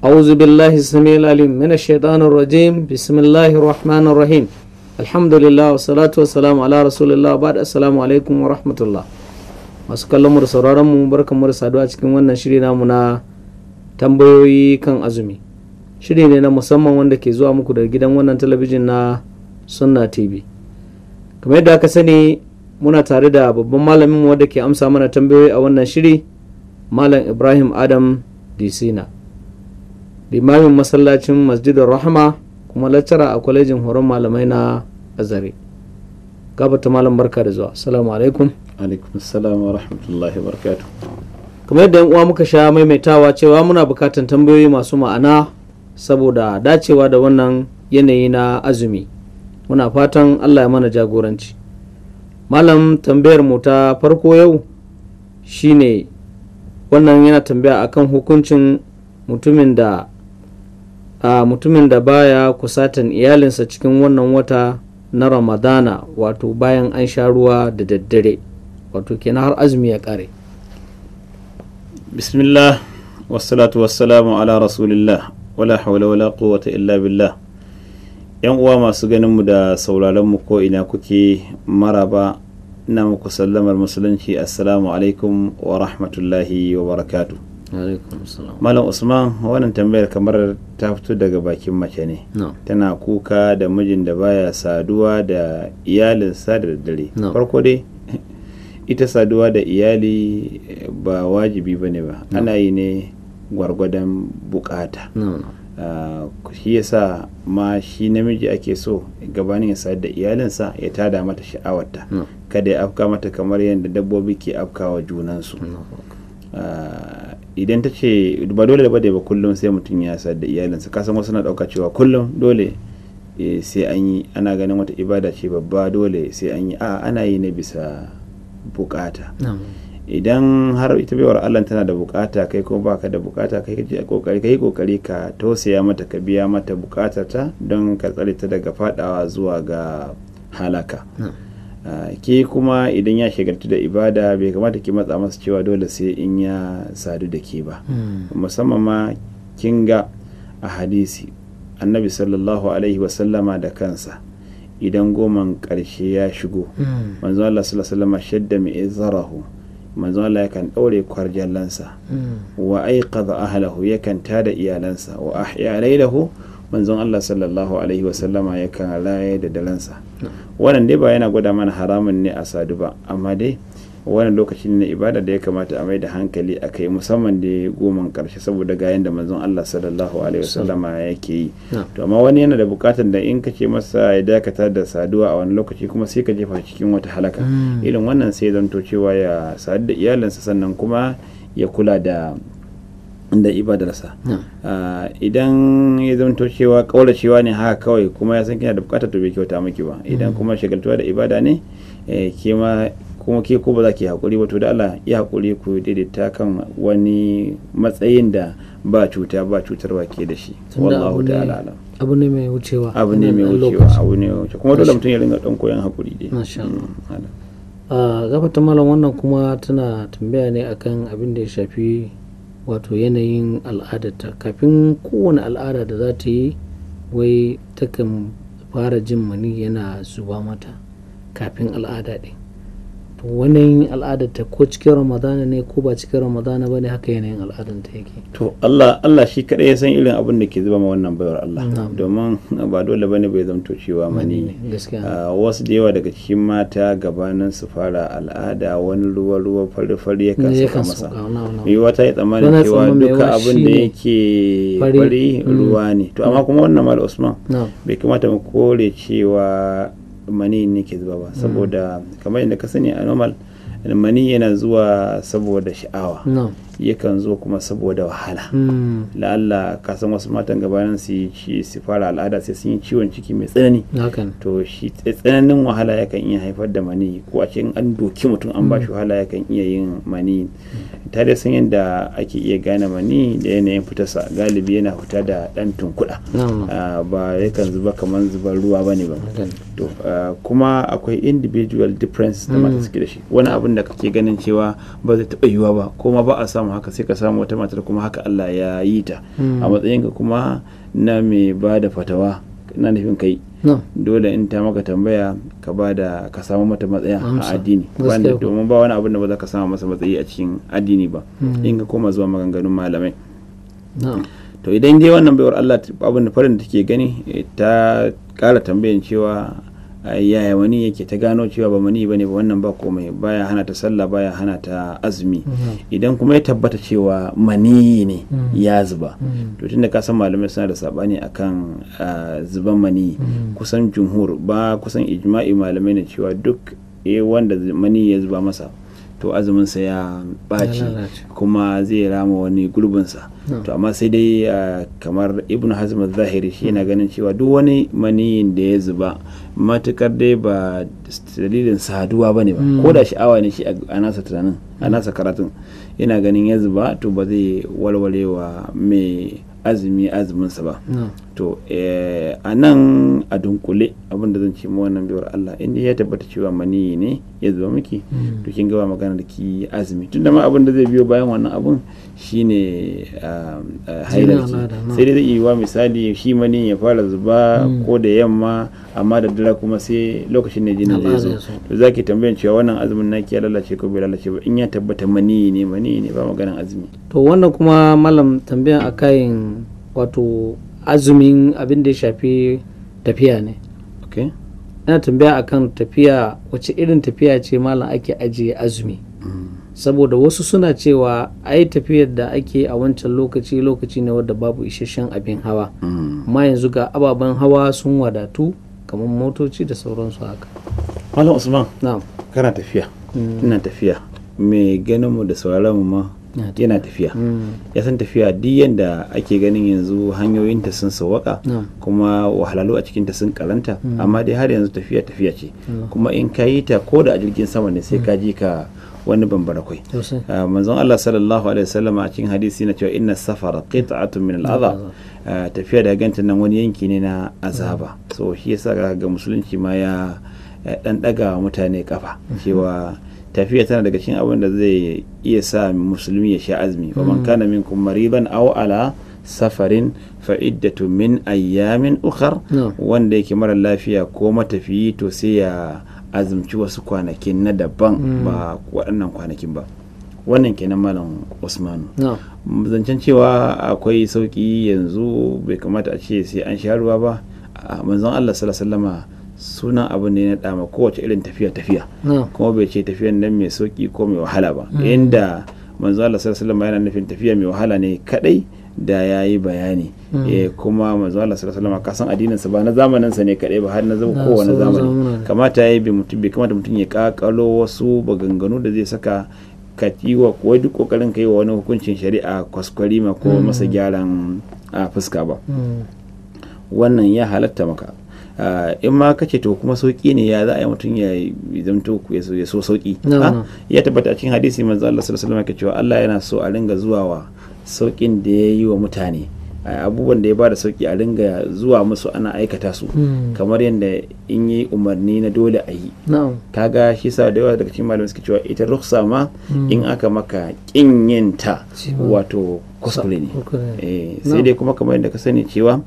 أعوذ بالله السميع العليم من الشيطان الرجيم بسم الله الرحمن الرحيم الحمد لله والصلاة والسلام على رسول الله بعد السلام عليكم ورحمة الله masu kallon mu da sauraron mu barkan mu da saduwa cikin wannan shiri namu na tambayoyi kan azumi shiri ne na musamman wanda ke zuwa muku da gidan wannan talabijin na sunna tv kamar yadda aka sani muna tare da babban malamin wanda ke amsa mana tambayoyi a wannan shiri malam ibrahim adam disina limamin masallacin masjidar rahama kuma laccara a kwalejin horon malamai na azare gabata malam barka da zuwa salamu alaikum alaikum salamu wa rahmatullahi barakatu. kamar yadda uwa muka sha maimaitawa cewa muna bukatan tambayoyi masu ma'ana saboda dacewa da wannan yanayi na azumi muna fatan allah ya mana jagoranci malam tambayar mu ta farko yau shine wannan yana tambaya akan hukuncin mutumin da a mutumin da baya kusatan iyalinsa cikin wannan wata na ramadana wato bayan an sha ruwa da daddare wato kenan har azumi ya kare bismillah wassalatu wassalamu ala rasulillah wala hawla wala quwwata illa billah yan uwa masu ganin mu da sauraron mu ko ina kuke maraba ina muku sallamar musulunci assalamu alaikum wa rahmatullahi wa barakatuh malam usman wannan tambayar kamar ta fito daga bakin mace ne tana kuka da mijin da baya saduwa da iyalinsa da daddare farko dai ita saduwa da iyali eh, ba wajibi ba ne ba ana yi ne gwargwadon bukata ah, shi yasa ma shi namiji ake so gabanin ya sayar da iyalinsa ya tada mata sha'awarta kada ya afka mata kamar yadda dabbobi ke afkawa junansu ah, idan ta ce ba dole ba da ba kullum sai mutum ya sa da iyalinsa kasan wasu na ɗauka cewa kullum dole eh, sai an yi ana ganin wata ibada ce babba dole sai an yi a ana yi na bisa bukata idan har ita baiwar Allah tana da bukata kai kuma baka da bukata kai kaje kokari kai ka tausaya mata ka biya mata ta don ka tsare ta daga fadawa zuwa ga halaka Ah, ke kuma idan ya shagaltu da ibada bai kamata ki matsa masa cewa dole sai in ya sadu da ke ba hmm. musamman ma kin ga a hadisi annabi sallallahu alaihi wasallama da kansa idan goman karshe ya shigo hmm. manzo Allah sallallahu alaihi wasallama shadda mai izarahu manzo Allah yakan daure kwarjallansa hmm. wa aiqad ahlahu yakan tada iyalansa wa ahya laylahu manzo Allah sallallahu alaihi wasallama yakan raye da dalansa wannan dai ba yana gwada mana haramun ne a sadu ba amma dai wannan lokaci ne ibada da ya kamata a mai da hankali a kai musamman da goma karshe saboda ga da manzon Allah sallallahu alaihi wasallama yake yi to amma wani yana da bukatar da in kace masa ya dakata da saduwa a wani lokaci kuma sai ka jefa cikin wata halaka hmm. irin wannan sai zanto cewa ya sadu da iyalinsa sannan kuma ya kula da da ibadarsa ah, idan ya zanto cewa kaulacewa ne haka kawai kuma ya san kina da bukata to bai kyauta miki ba idan mm. kuma shagaltuwa da ibada ne eh, ke ma kuma ke ko ba za ki hakuri ba to da Allah ya hakuri ku daidaita kan wani matsayin da ba cuta ba cutarwa ke da shi wallahu ta'ala abu ne mai wucewa abu ne mai wucewa abu ne mai wucewa kuma dole mutum ya ringa dan koyon hakuri dai masha Allah mm, a ah, ta malam wannan kuma tana tambaya ne akan abin da ya shafi wato yanayin al'adarta kafin kowane al'ada da za ta yi wai takan fara jin mani yana zuba mata kafin al'ada ɗin wani Al'ada ta ko cikin ramadana ne ko ba cikin ramadana ba ne haka yanayin ta yake to Allah Allah shi kadai ya san irin abin da ke zuba ma wannan bayar Allah domin ba dole bane bai zamto cewa mani ah, wasu da yawa daga cikin mata gabanin su fara al'ada wani ruwa ruwa fari fari ya kan saka masa mai wata ya tsammani cewa duka abin da yake fari ruwa ne to amma mm. kuma wannan mal Usman bai kamata mu kore cewa mani ne ke zuba ba mm. saboda kamar inda ka sani a normal mani yana zuwa saboda sha'awa yakan zo kuma saboda wahala hmm. la'alla ka san wasu matan gabanin su su fara al'ada sai sun yi ciwon ciki mai tsanani to shi tsananin wahala yakan iya haifar da mani ko a cikin an doki mutum an bashi hmm. wahala yakan iya yin mani ta da san yadda ake iya gane mani da yanayin fitarsa galibi yana fita da dan tunkuɗa ah, ba yakan zuba kamar zubar ruwa ba ne ba to ah, kuma akwai individual difference da mata hmm. suke da shi wani abin da kake ganin cewa ba zai taɓa yiwuwa ba kuma ba a samu samu haka sai ka samu wata matar kuma haka Allah ya yi ta hmm. a matsayinka kuma na mai ba da fatawa na nufin kai dole in ta maka tambaya ka ba da ka samu mata matsaya a addini wanda domin ba wani abin da ba za ka samu masa matsayi a cikin addini ba hmm. in ka koma zuwa maganganun malamai to idan dai wannan baiwar Allah abin da farin da take gani eh, ta kara tambayan cewa yaya wani yake ta gano cewa ba mani bane ba wannan ba komai baya hana ta sallah baya hana ta azumi mhm. idan kuma ya tabbata cewa mani ne mhm. ya zuba mhm. to tunda ka san malamai suna da sabani akan zuban mani kusan jumhur ba kusan ijma'i malamai ne cewa duk eh, wanda mani ya zuba masa to azumin sa ya ɓaci kuma zai rama wani sa to amma sai dai ah, kamar ibn hazm zahiri shi yana mm. ganin cewa duk wani maniyin da ya zuba matukar dai ba dalilin saduwa ba ne ba mm. ko da sha'awa ne shi a nasa tunanin a mm. nasa karatun yana ganin ya zuba to ba zai walwalewa mai azumi azuminsa ba to eh, a nan a dunkule abinda zan ce ma wannan biyar Allah in ya tabbata cewa mani ne ya zuba miki hmm. to kin gaba magana da ki azumi tun da ma abin da zai biyo bayan wannan abun shine um, eh, haidar sai dai zai yi wa misali shi mani ya fara zuba hmm. ko da yamma amma da dare kuma sai lokacin ne jinin zai zo to zaki tambayan cewa wannan azumin naki ya lalace ko bai lalace ba in ya tabbata mani ne mani ne ba maganan azumi to wannan kuma malam tambayan akayin wato azumin abin da ya shafi tafiya ne ok. ina tambaya akan tafiya wace irin tafiya ce malam ake ajiye azumi mm. saboda wasu suna cewa ai tafiyar da ake a wancan lokaci lokaci ne wadda babu isasshen abin hawa mm. amma yanzu ga ababen hawa sun wadatu kamar motoci da sauransu haka malam usman na'am kana tafiya mm. ina tafiya me ganin mu da sauraron mu ma yana tafiya mm. ya san tafiya duk yadda ake ganin yanzu hanyoyinta sun sauwaka kuma wahalalu a cikinta sun karanta mm. amma dai har yanzu tafiya tafiya ce kuma in ka yi ta ko da a jirgin sama ne sai mm. ka ji ka wani bambara kwai ah, manzon Allah sallallahu alaihi wasallam a cikin hadisi na cewa inna safara qit'atun min al-adha ah, tafiya da ganta nan wani yanki ne na azaba so shi yasa ga musulunci ma ya dan daga mutane kafa cewa tafiya tana daga cikin abin da zai iya sa musulmi ya sha azumi wa man mm. kana minkum mariban aw ala safarin iddatu min ayyamin ukhar wanda yake mara lafiya ko matafiyi to sai ya azumci wasu kwanakin na daban mm. ba waɗannan kwanakin ba wannan kenan malam usman. zancen cewa akwai sauƙi yanzu bai kamata a ce sai an sha ruwa ba manzon allah sallallahu alaihi sunan abu ne na dama kowace irin tafiya tafiya kuma bai ce tafiyan nan mai sauki ko mai wahala ba hmm. inda manzo Allah sallallahu yana nufin tafiya mai wahala ne kadai da yayi bayani hmm. eh, kuma manzo Allah sallallahu alaihi kasan addinin sa ba na zamanin sa ne kadai ba har na zama kowane zamani kamata yayi bi mutum kamata mutum ya kakalo wasu baganganu da zai saka ka wa duk kokarin ka wa wani hukuncin shari'a kwaskwari ma ko hmm. masa gyaran fuska ba wannan ya halatta maka Eh, in ma kace to kuma sauki ne ya za a yi mutum ya zamto ku ya so sauki ya tabbata a cikin hadisi manzo Allah sallallahu alaihi wasallam ke cewa Allah yana so a ringa zuwa wa saukin da ya yi wa mutane eh, abubuwan da ya bada sauki a ringa zuwa musu ana aikata su hmm. kamar yadda in yi umarni na dole a yi kaga shi sa da yawa daga cikin malamai suke cewa ita ruksa ma hmm. in aka maka kin yin wato kuskure ne eh, sai dai kuma kamar yadda ka sani cewa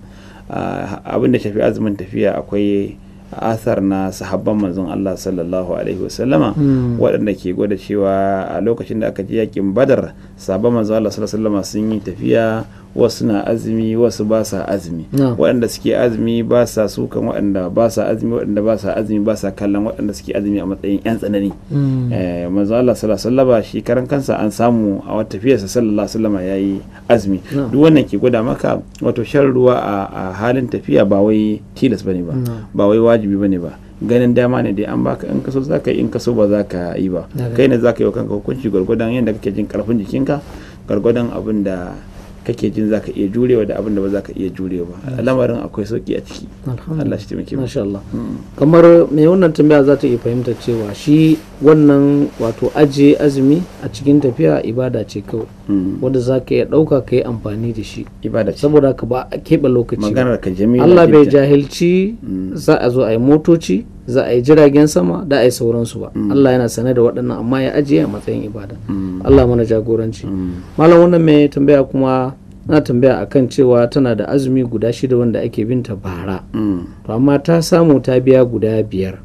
abin da shafi azumin tafiya akwai asar na sahabban manzon Allah sallallahu alaihi wasallama hmm. waɗanda ke gwada cewa a lokacin da aka je yakin badar sahabban manzon Allah sallallahu alaihi wasallama sun yi tafiya wasu na azumi wasu ba sa azumi waɗanda suke azumi ba sa sukan waɗanda ba sa azumi waɗanda ba sa azumi ba sa kallon waɗanda suke azumi a matsayin yan tsanani mm. eh, manzo Allah sallallahu alaihi shi karan kansa an samu a wata tafiyarsa sallallahu alaihi wasallam yayi azumi duk wannan ke gwada maka wato shan ruwa a halin tafiya ba wai tilas bane ba ba wai wajibi bane ba ganin dama ne dai an baka in kaso zaka yi in kaso ba zaka yi ba kai ne zaka yi wa kanka hukunci gwargwadon yadda kake jin karfin jikinka gwargwadon abin da kake jin zaka iya jurewa da abin da ba zaka iya jurewa ba lamarin akwai sauki a ciki Allah shi taimake masha Allah mm. kamar mai wannan tambaya za ta iya fahimta cewa shi wannan wato aje azumi a cikin tafiya ibada ce kawai mm. wanda zaka iya dauka yi amfani da shi ibada ce saboda ka ba keɓe lokaci maganar ka jami'a Allah bai jahilci mm. za a zo a yi motoci za a yi jiragen sama da a yi sauransu ba mm. Allah yana sane da waɗannan amma ya ajiye a matsayin ibada mm. Allah mana jagoranci mm. malam wannan mai tambaya kuma na tambaya akan cewa tana da azumi guda shida wanda ake binta bara to amma ta samu ta biya guda biyar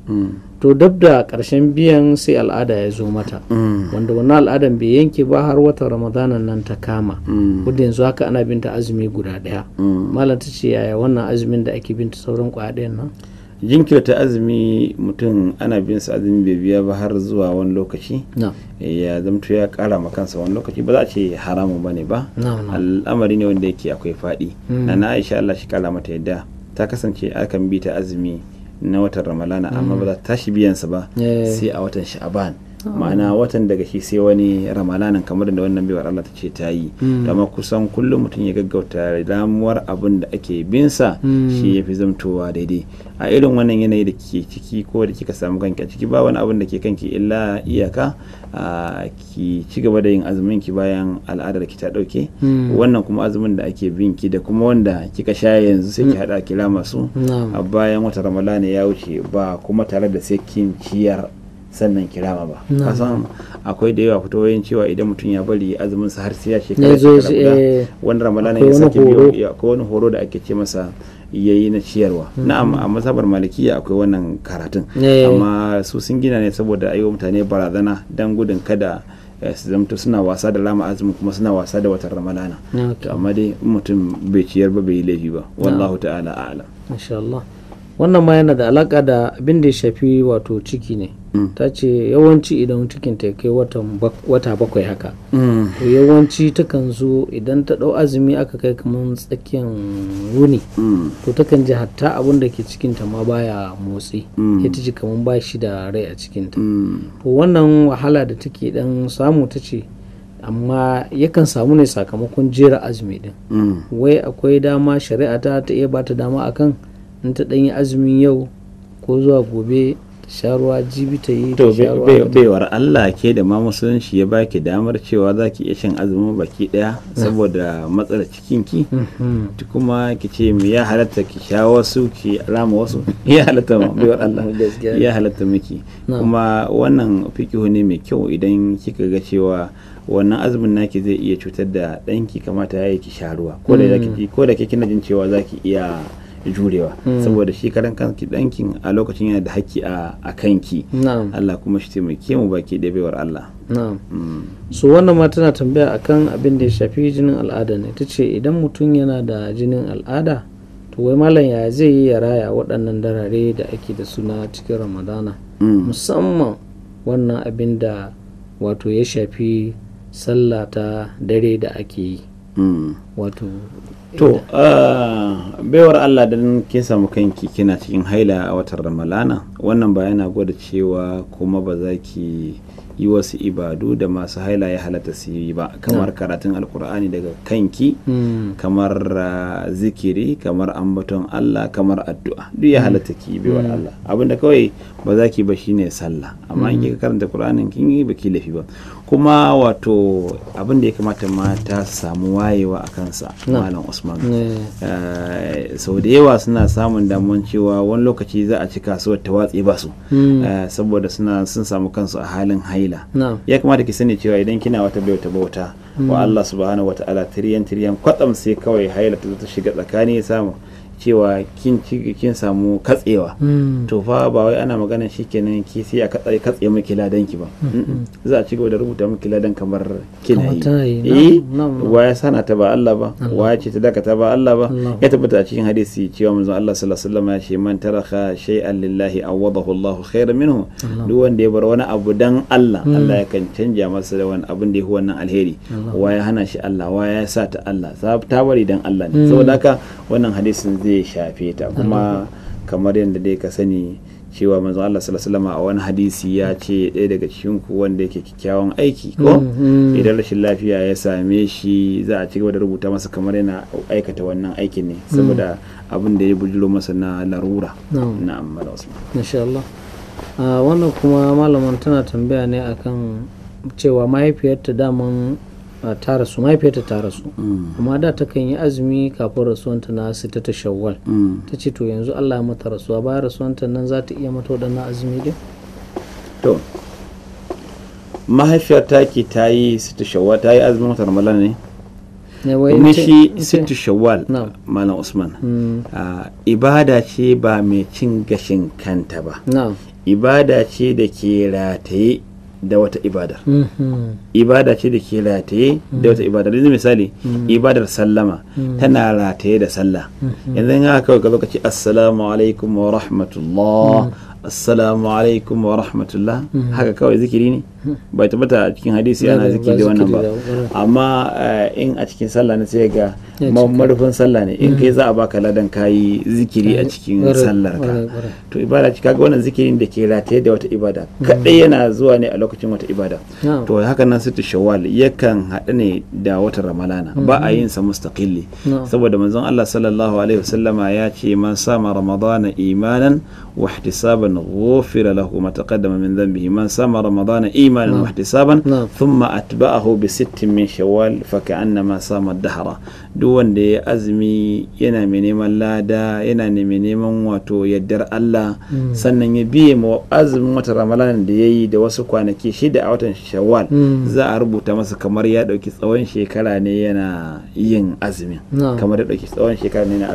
to dab da karshen biyan sai al'ada ya zo mata wanda wannan al'adan bai yanke ba har wata ramadana nan ta kama Wanda yanzu haka ana binta azumi guda ɗaya malam ta ce yaya wannan azumin da ake binta sauran kwaya ɗayan nan jinkirta azumi mutum ana bin sa azumi bai biya ba har zuwa wani lokaci eh, ya zamto ya kara ma kansa wani lokaci ba za a ce haramun ne ba al'amari ne wanda yake akwai faɗi hmm. na na aisha Allah shi kara mata yadda ta kasance akan bi ta azumi na watan ramalana amma hmm. ba za ta tashi biyansa ba eh. sai a watan sha'aban ma'ana watan daga shi sai wani ramalanin kamar da wannan baiwar Allah ta ce ta yi hmm. dama kusan kullum mutum ya gaggauta damuwar abin da ake binsa hmm. shi ya fi zamtowa daidai a irin wannan yanayi da ke ciki ko da kika samu kanki a ciki ba wani abin da ke kanki illa iyaka ki ci gaba da yin azumin ki bayan al'adar ki ta dauke hmm. wannan kuma azumin da ake bin ki da kuma wanda kika sha yanzu sai ki hada kila masu a bayan wata ramalana ya wuce ba kuma tare da sai kin ciyar sannan kirama ba kasan akwai da yawa fitoyin cewa idan mutum ya bari azumin sa har sai ya shekara guda eh, wani ramadana ya sake biyo ko wani horo da ake ce masa yayi na ciyarwa hmm. na'am a masabar malikiya akwai wannan karatun eh. amma su sun gina ne saboda ayyuka mutane barazana dan gudun kada eh, su zamto suna wasa da lama azumin kuma suna wasa da watan ramadana to amma dai mutum bai ciyar ba bai yi laifi ba wallahu ta'ala a'lam masha Allah wannan ma yana da alaka da abin da ya shafi wato ciki ne mm. ta ce yawanci idan cikin ta kai wata bakwai haka mm. to yawanci takan zo idan ta ɗau azumi aka kai kamar tsakiyar wuni mm. to takan ji hatta abin da ke cikinta ta ma baya motsi ya ta ji kamar ba shi da rai a cikin ta to wannan wahala da take dan samu ta ce amma yakan samu ne sakamakon jera azumi din wai akwai dama shari'a ta ta iya bata dama akan in ta ɗanyi azumin yau ko zuwa gobe ta sha ruwa jibi ta yi to baiwar Allah ke da ma musulunci ya baki damar cewa za ki iya shan azumin baki ɗaya saboda matsalar cikinki mhm. kuma ki ce mu ya halatta ki sha wasu ki rama wasu ya halatta ma baiwar Allah ya halatta miki kuma wannan fikihu ne mai kyau idan kika ga cewa wannan azumin naki zai iya cutar da ɗanki kamata ya yi ki sha ruwa ko da mm. kina jin cewa za ki iya jurewa mm. saboda shi karan kanki dankin a lokacin yana da haƙƙi a kanki Allah kuma shi taimake mu baki da baiwar Allah mm. so wannan ma tana tambaya akan abin da ya shafi jinin al'ada ne ta ce idan mutum yana da jinin al'ada to wai malam ya zai yi ya raya waɗannan darare da ake da suna cikin ramadana mm. musamman wannan abin da wato ya shafi sallah ta dare da ake yi wato to ah, baiwar allah don kin samu kanki kina cikin haila a watan ramalana wannan ba yana gwada cewa kuma ba za ki yi wasu ibadu da masu haila ya halatta su yi ba kamar karatun alkur'ani daga kanki hmm. kamar ah, zikiri kamar ambaton allah kamar addu'a duk ya hmm. halatta ki baiwar hmm. allah abinda kawai ba za ki ba shine sallah amma in ki karanta kur'anin kin yi ba ki lafi ba kuma wato abin da ya kamata mata su samu wayewa a kansa malam usman eh. Eh, sau da yawa suna samun damuwan cewa wani lokaci za a ci kasuwar ta watse ba su hmm. eh, saboda suna sun samu kansu a halin haila ya kamata ki sani cewa idan kina wata bauta bauta wa hmm. Allah subhanahu wa ta'ala tiriyan tiriyan kwatsam sai kawai haila ta shiga tsakani ya samu cewa kin kin samu katsewa hmm. to fa ba wai ana magana shi shikenan ki sai a katse katse miki ladan ki ba hmm, hmm. za a ci gaba da rubuta miki ladan kamar kina yi eh wa ya sana ta ba Allah ba wa ya ce ta daka ta ba Allah ba ya tabbata a cikin hadisi cewa manzon Allah sallallahu alaihi wasallam ya ce man taraka shay'an lillahi awadahu Allahu khairan minhu duk wanda ya bar wani abu dan Allah Allah ya kan canja masa da wani abin da ya wannan alheri wa ya hana shi Allah wa ya sa ta Allah ta bari dan Allah ne saboda haka wannan hadisin zai shafe ta kuma kamar yadda dai ka sani cewa manzon Allah sallallahu a wani hadisi ya ce ɗaya daga cikin ku wanda yake kyakkyawan aiki ko mm, mm. idan rashin lafiya ya same shi za a ci da rubuta masa kamar yana aikata wannan aikin ne mm. saboda abin da ya bujiro masa na larura na amma da wasu Allah ah, wannan kuma malaman tana tambaya ne akan cewa mahaifiyarta daman ta rasu mahaifiyarta ta rasu mm. amma da ta kan yi azumi kafin rasuwanta na sita ta shawwal mm. ta ce to yanzu allah mata rasuwa bayan rasuwanta nan za ta iya mata waɗannan azumi din to mahaifiyar ta ke ta yi sita shawwal ta yi azumin watan ramadan ne ne shi sittu shawwal malam usman mm. ibada ce ba mai cin gashin kanta ba ibada ce da ke rataye da wata ibadar mm-hmm. ibada ce da ke rataye da wata mm-hmm. ibada yanzu misali mm-hmm. ibadar sallama tana rataye da sallah yanzu in haka kawai ka lokaci assalamu alaikum wa rahmatullah assalamu alaikum wa rahmatullah hmm. haka kawai zikiri ne hmm. bai tabbata a cikin hadisi ana zikiri da wannan ba amma eh, in a cikin sallah na sai ga marufin sallah ne in kai hmm. za a baka ladan kayi zikiri a eh, cikin sallar ka to ibada ci kaga wannan zikirin da ke rataye da wata ibada kadai yana zuwa ne a lokacin wata ibada to haka nan sittu shawwal yakan haɗu ne da wata ramalana ba a yin sa mustaqilli saboda manzon Allah sallallahu alaihi wasallama ya ce man sama ramadana imanan wa ihtisaban ذنبا غفر له ما تقدم من ذنبه من صام رمضان إيمانا نعم. واحتسابا نعم. ثم أتبعه بست من شوال فكأنما صام الدهر دون دي أزمي ينا من لا دا ينا من يمن واتو يدر الله سنن يبي مو أزم وات رمضان دي da wasu kwanaki shida a watan شوال زا a rubuta masa kamar ya ɗauki tsawon shekara ne yana yin azumin دوكي ya ɗauki tsawon shekara ne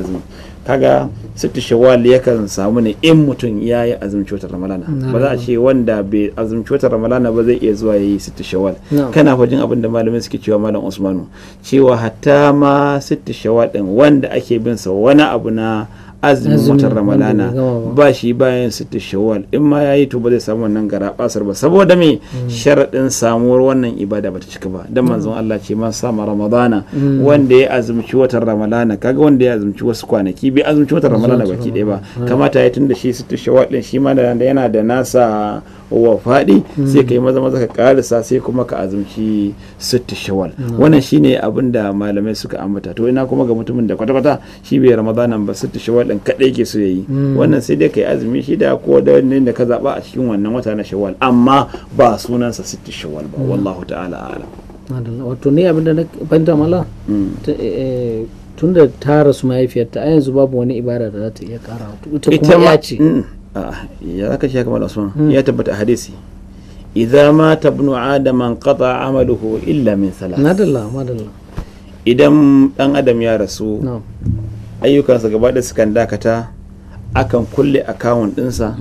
kaga sittu shawwal yakan samu ne in mutum ya yi azumci watan ramadana ba za a ce wanda bai azumci watan ramadana ba zai iya zuwa ya yi sittu shawwal kana fajin abin da malamin suke cewa malam usmanu cewa hatta ma sittu shawwal wanda ake bin sa wani abu na azumin watan ramadana ba shi bayan sittin shawwal in ma ya yi to ba zai samu wannan gara basar ba saboda me mm. sharadin samuwar wannan ibada ba ta cika ba dan mm. manzon Allah ce ma sama ramadana mm. wanda ya azumci watan ramadana kaga wanda ya azumci wasu kwanaki bai azumci watan ramadana baki ɗaya ba kamata ya da shi sittin shawwal din shi ma da yana da nasa wa faɗi sai ka yi maza maza ka karisa sai kuma ka azumci sittu shawal wannan shine abin da malamai suka ambata to ina kuma ga mutumin da kwata-kwata shi bai ramadanan ba sittu shawal din kadai ke so yayi mm. wannan sai dai ka yi azumi da ko da ne da ka zaba a cikin wannan wata na shawal amma ba sunansa sittu shawal ba mm. wallahu ta'ala a'lam wato ne abinda na fahimta mala mm. eh, eh, tun da ta rasu mahaifiyarta a yanzu babu wani ibada da za ta iya kara ita kuma ya ce ya aka shi kamar usman hmm. ya tabbata a hadisi idza mata ibnu adam an qata amaluhu illa min salat madalla madalla idan dan adam ya rasu ayyukansa gaba da sukan dakata akan kulle akawun sa.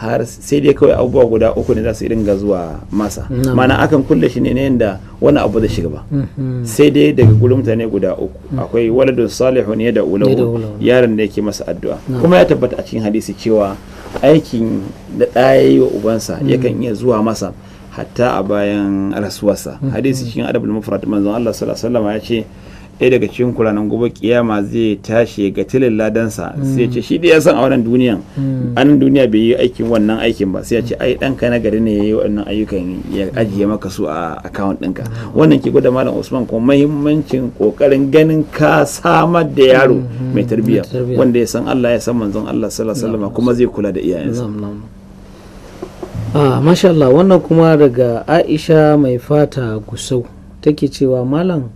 har sai dai kawai abubuwa guda uku ne za su dinga zuwa masa mana akan kulle shi ne yadda wani abu da shiga ba mhm. sai dai daga gurin mutane guda uku mm. akwai waladun Salihu ne da ulawu yaron da yake masa addu'a kuma ya tabbata a cikin hadisi cewa aikin da ɗaya wa ubansa mm. yakan iya zuwa masa hatta a bayan rasuwarsa mm-hmm. hadisi cikin adabul mufrad manzon Allah sallallahu alaihi wasallam ya ce ɗaya daga cikin kuranan gobe kiyama zai tashi ga tilin ladansa sai ce shi da ya san a wannan duniyan mm. an duniya bai yi aikin wannan aikin ba sai ya ce ai ɗanka na gari ne ya yi wannan ayyukan ya ajiye maka su a account ɗinka wannan ke gwada malam usman kuma mahimmancin kokarin ganin ka samar da yaro mm-hmm. mai tarbiyya wanda ya san Allah ya san manzon Allah sallallahu alaihi wasallam kuma zai kula da iyayensa Ah, masha Allah wannan kuma daga Aisha mai fata gusau take cewa malam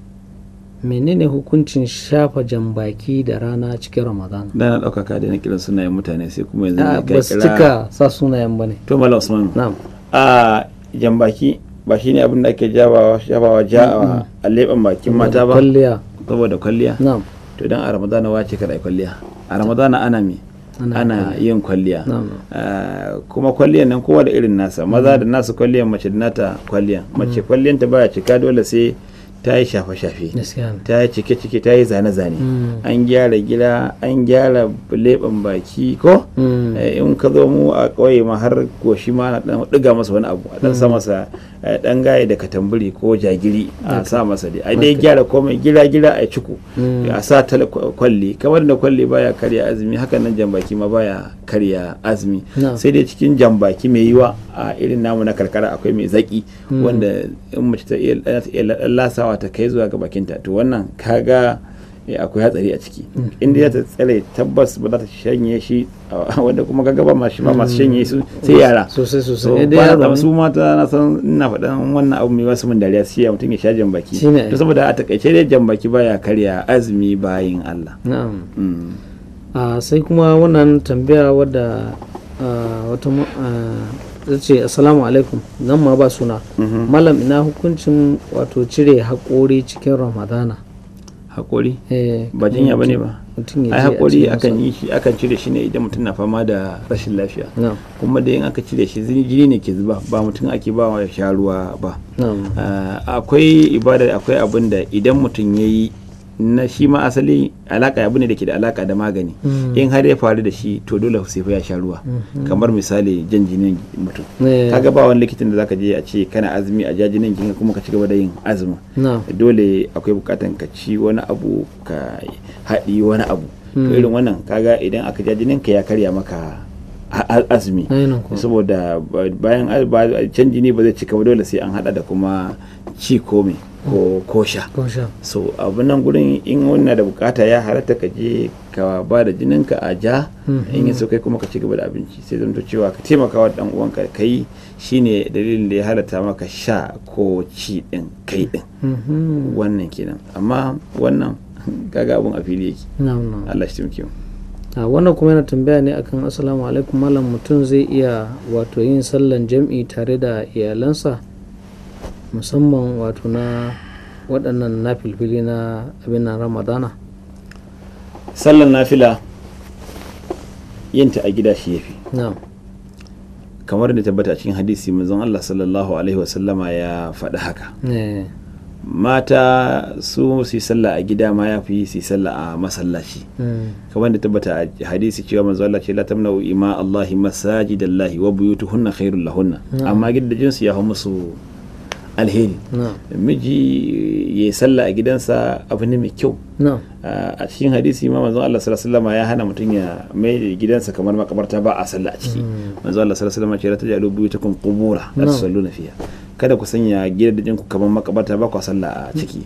menene hukuncin shafa jan baki da rana cikin ramadan da na ɗaukaka da na kiran sunayen mutane sai kuma yanzu ah, ne kai kira cika sa sunayen ba ne to malam usman na'am a ah, baki ba shine abin da ake jabawa shafawa ja'awa a leban bakin mata ba kwalliya saboda kwalliya na'am to dan a ramadana wace kada kwalliya a ramadana ana me ana yin kwalliya ah, kuma kwalliyan nan kowa da irin nasa maza da nasu kwalliyan mace da nata kwalliyan mace kwalliyanta baya cika dole sai ta yi shafe-shafe ta yi cike-cike ta yi zane-zane mm. an gyara gida an gyara leɓen baki ko mm. eh, in ka zo mu a ƙauye ma har goshi ma na ɗan ɗiga masa wani abu a ɗan sa mm. masa eh, ɗan gaye da ko jagiri a sa masa dai a dai gyara komai gira-gira a ciku a sa ta kwalli kamar da kwalli baya karya azumi haka nan jambaki ma baya karya azumi sai dai cikin jambaki mai yiwa a irin namu na karkara akwai mai zaki wanda in mace ta iya lasawa sha'awa ta kai zuwa ga bakinta to wannan kaga eh, akwai hatsari a ciki mm. inda ya ta tsare tabbas ba za ta shanye shi wanda kuma kaga ba masu ba masu mm. shanye su sai yara sosai sosai ba da su mata na san ina faɗan wannan abu mai wasu mun dariya sai mutum ya sha jan baki to saboda a takaice dai jan baki baya karya azumi bayin Allah na'am mm. ah, sai kuma wannan tambaya wadda ah, wata ah, zai ce assalamu alaikum nan ma ba suna mhm. malam ina hukuncin wato cire haƙori cikin ramadana haƙori eh, ba jinya ba ne ba ai haƙori akan yi shi akan cire shi ne idan mutum na fama da rashin lafiya kuma da yin aka cire shi jini ne ke zuba ba mutum ake ba wa sha ruwa ba ah, akwai ibada akwai abin da idan mutum ya yi na shi ma asali alaka abu ne da ke da alaka da magani mm. in har ya faru da shi to dole sai fa ya sha ruwa mm-hmm. kamar misali jan jinin mutum eh. kaga ba wani likitin da zaka je a ce kana azumi a ja jinin kuma ka ci gaba da yin azumi dole akwai bukatan ka ci wani abu ka haɗi wani abu to mm. irin wannan kaga idan aka ja jinin ka ya karya maka azumi saboda bayan canji ne ba zai cika ba dole sai an hada da kuma ci komai ko kosha so abu nan gurin in wani da bukata ya halatta ka je ka ba da jinin ka a ja mhm. in yi so kuma ka ci gaba da abinci sai zanto cewa ka taimaka wa dan uwanka kai shine dalilin da ya halatta maka sha ko ci din kai din mhm. wannan kenan amma wannan kaga abun a fili yake Allah shi taimake wannan kuma yana tambaya ne akan assalamu alaikum malam mutum zai iya wato yin sallan jam'i tare da iyalansa musamman wato na waɗannan na filfili na abin ramadana sallan nafila yinta a gida shi yafi kamar da tabbata cikin hadisi manzon Allah sallallahu alaihi wasallama ya faɗi haka eh. mata su su salla a gida ma ya fi su salla a masallaci hmm. kamar da tabbata a hadisi cewa manzo Allah ce la tamna'u ima Allahi masajidallahi wa buyutuhunna khairul lahunna amma gidajen su ya hau musu alheri miji ya sallah a gidansa abu ne mai kyau a cikin hadisi ma manzon Allah sallallahu alaihi wasallam ya hana mutum ya mai gidansa kamar makabarta ba a sallah a ciki hmm. manzon Allah sallallahu alaihi wasallam ya ce la buyutakum qubura la tusalluna fiha kada ku sanya gidajen ku kamar makabarta ba ku sallah a ciki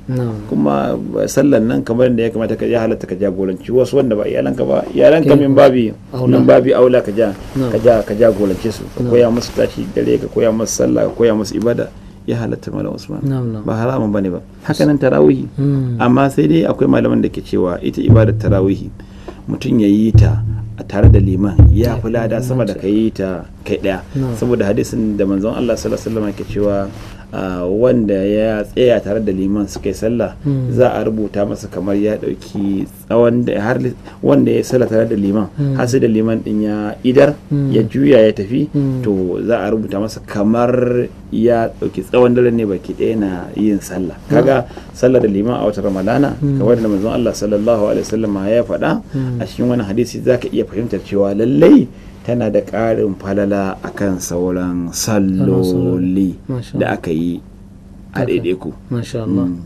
kuma eh, sallan nan kamar da ya kamata ka ya halatta ka jagoranci wasu wanda ba iyalanka ba iyalanka min babi nan babi aula ka ja ka ja ka jagorance su ka koya musu tashi dare ka koya musu sallah ka koya musu ibada ya halatta malam usman ba haramun bane ba hakanan tarawihi hmm. amma sai dai akwai malaman da ke cewa ita ibadar tarawihi mutum ya yi ta a tare da liman ya fi lada sama da ka yi ta kai daya saboda hadisin da manzon Allah sallallahu alaihi wasallam ke cewa wanda ya tsaya tare da liman su kai sallah hmm. za a rubuta masa kamar ya dauki wanda ya sallah tare da liman hmm. har sai da liman din ya idar hmm. ya juya ya tafi to za a rubuta masa kamar ya dauki tsawon dare ne baki ɗaya na yin sallah kaga sallah da liman a wata ramadana kamar da manzon Allah sallallahu alaihi wasallam ya faɗa a cikin wani hadisi zaka iya fahimtar cewa lallai yana da ƙarin falala a kan sauran salloli da aka yi a ɗaiɗaiku mm.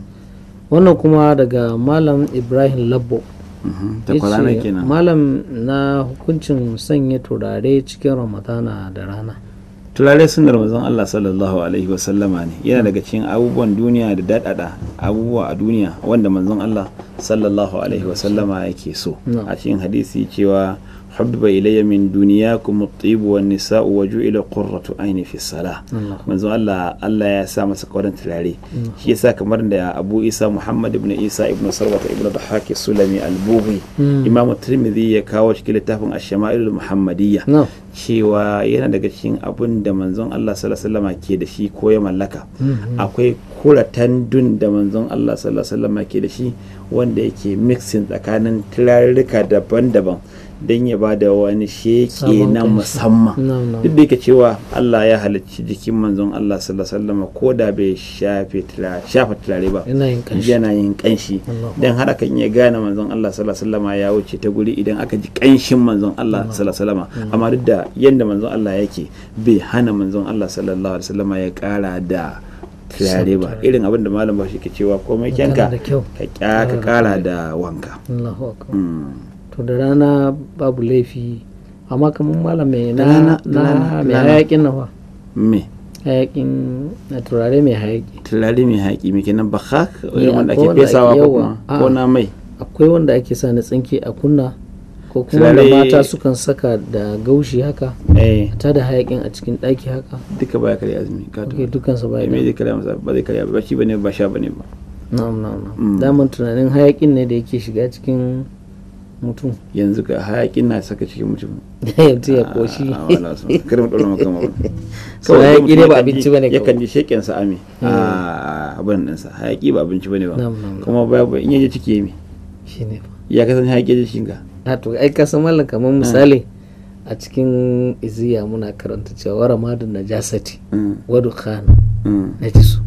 wannan kuma daga malam ibrahim labbo mm-hmm. malam na hukuncin sanya turare cikin ramadana da rana turare sun da ramazan allah sallallahu alaihi wasallama ne yana daga cikin abubuwan duniya da daɗaɗa abubuwa a duniya wanda manzon allah sallallahu alaihi wasallama yake so a cikin hadisi cewa حبب إلي من دنياكم الطيب والنساء وجعل قرة عين في الصلاة من زمان الله الله يا سامة سكورنت العلي هي ساكمر أبو إيسى محمد بن إيسى ابن سروة ابن ضحاك السلمي البوغي إمام الترمذي يكاوش كل تافن الشمائل المحمدية cewa yana daga cikin abin da manzon Allah sallallahu alaihi wasallam ke da shi ko ya mallaka akwai kuratan dun da manzon Allah sallallahu alaihi wasallam ke da shi wanda yake mixing tsakanin tirarruka daban-daban don ya ba da wani sheke na musamman duk da yake cewa Allah ya halicci jikin manzon Allah sallallahu ko da bai shafe shafa turare ba yana yin kanshi dan har kan ya gane manzon Allah sallallahu ya wuce ta guri idan aka ji kanshin manzon Allah sallallahu amma duk da yanda manzon Allah yake bai hana manzon Allah sallallahu alaihi wasallam ya kara da turare ba irin abin da malam ba shi ke cewa komai kyanka ka kara da wanka hmm. to da rana babu laifi amma kamar malam mai na mai hayakin me hayakin na turare mai hayaki turare mai hayaki mai kenan bakhak wanda ake fesawa ko kuma ko na mai akwai wanda ake sa na tsinke a kunna ko kuma da mata sukan saka da gaushi haka eh. ta da hayakin a cikin ɗaki haka duka baya kare azumi ka to dukkan sa baya eh, me zai kare masa ba zai kare ba shi bane ba sha bane ba na'am na'am mm. daman tunanin hayakin ne da yake shiga cikin mutum yanzu ka hayakin na saka cikin mutum yanzu ya koshi ah, kar mu dora maka mabon kawai hayaki ne eh. ah, ba abinci ya kan ji shekin sa a abin din sa hayaki ba abinci ba ne ba kuma ba in yaje ciki yami shine ya kasance hayaki da shinga a ah, to ai ka san mallan kamar eh. misali a cikin iziya muna karanta cewa wara madun najasati eh. wadu khana najisu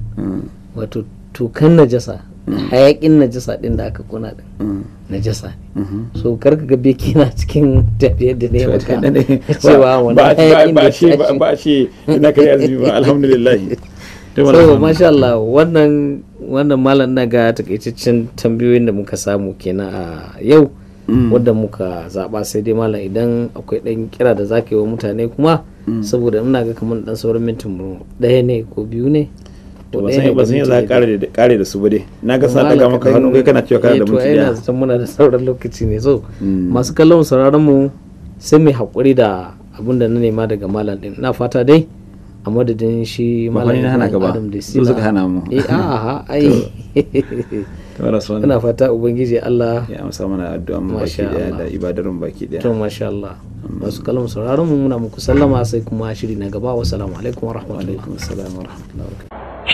wato tukan najasa hayakin najasa din da aka kuna din mm. najasa ne mm-hmm. so karka ga beki na cikin tafiye da ne maka cewa wannan hayakin da shi ba shi na kai azumi ba alhamdulillah so masha Allah wannan wannan malam na ga takaitaccen tambayoyin da muka samu kenan a yau mm. wadda muka zaba sai dai malam idan akwai dan kira da zaka yi wa mutane kuma mm. saboda ina ga kamar dan sauran mintin daya ne ko biyu ne to ba san ba san za ka na ga kana eh, sauran lokaci ne so mm. masu kallon hakuri da abun da na nema daga malam din na fata dai a madadin shi malam da suka hana mu eh ai ina fata ubangiji Allah ya amsa mana addu'a mu baki daya da ibadarun baki daya to masha Allah masu kalmar sauraron mu muna muku sallama sai kuma shiri na gaba wasu alaikum wa rahmatullahi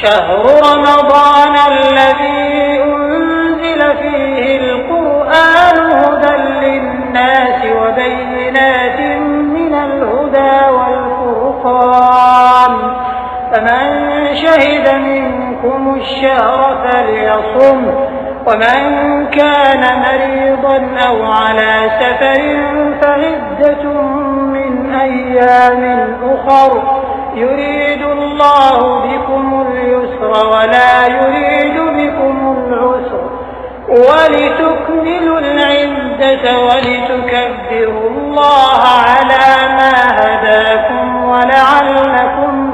شهر رمضان الذي أنزل فيه القرآن هدى للناس وبينات من الهدى والفرقان فمن شهد منكم الشهر فليصم ومن كان مريضا أو على سفر فعدة من أيام أخر يريد الله بكم اليسر ولا يريد بكم العسر ولتكملوا العدة ولتكبروا الله على ما هداكم ولعلكم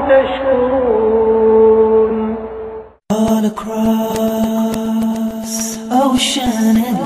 تشكرون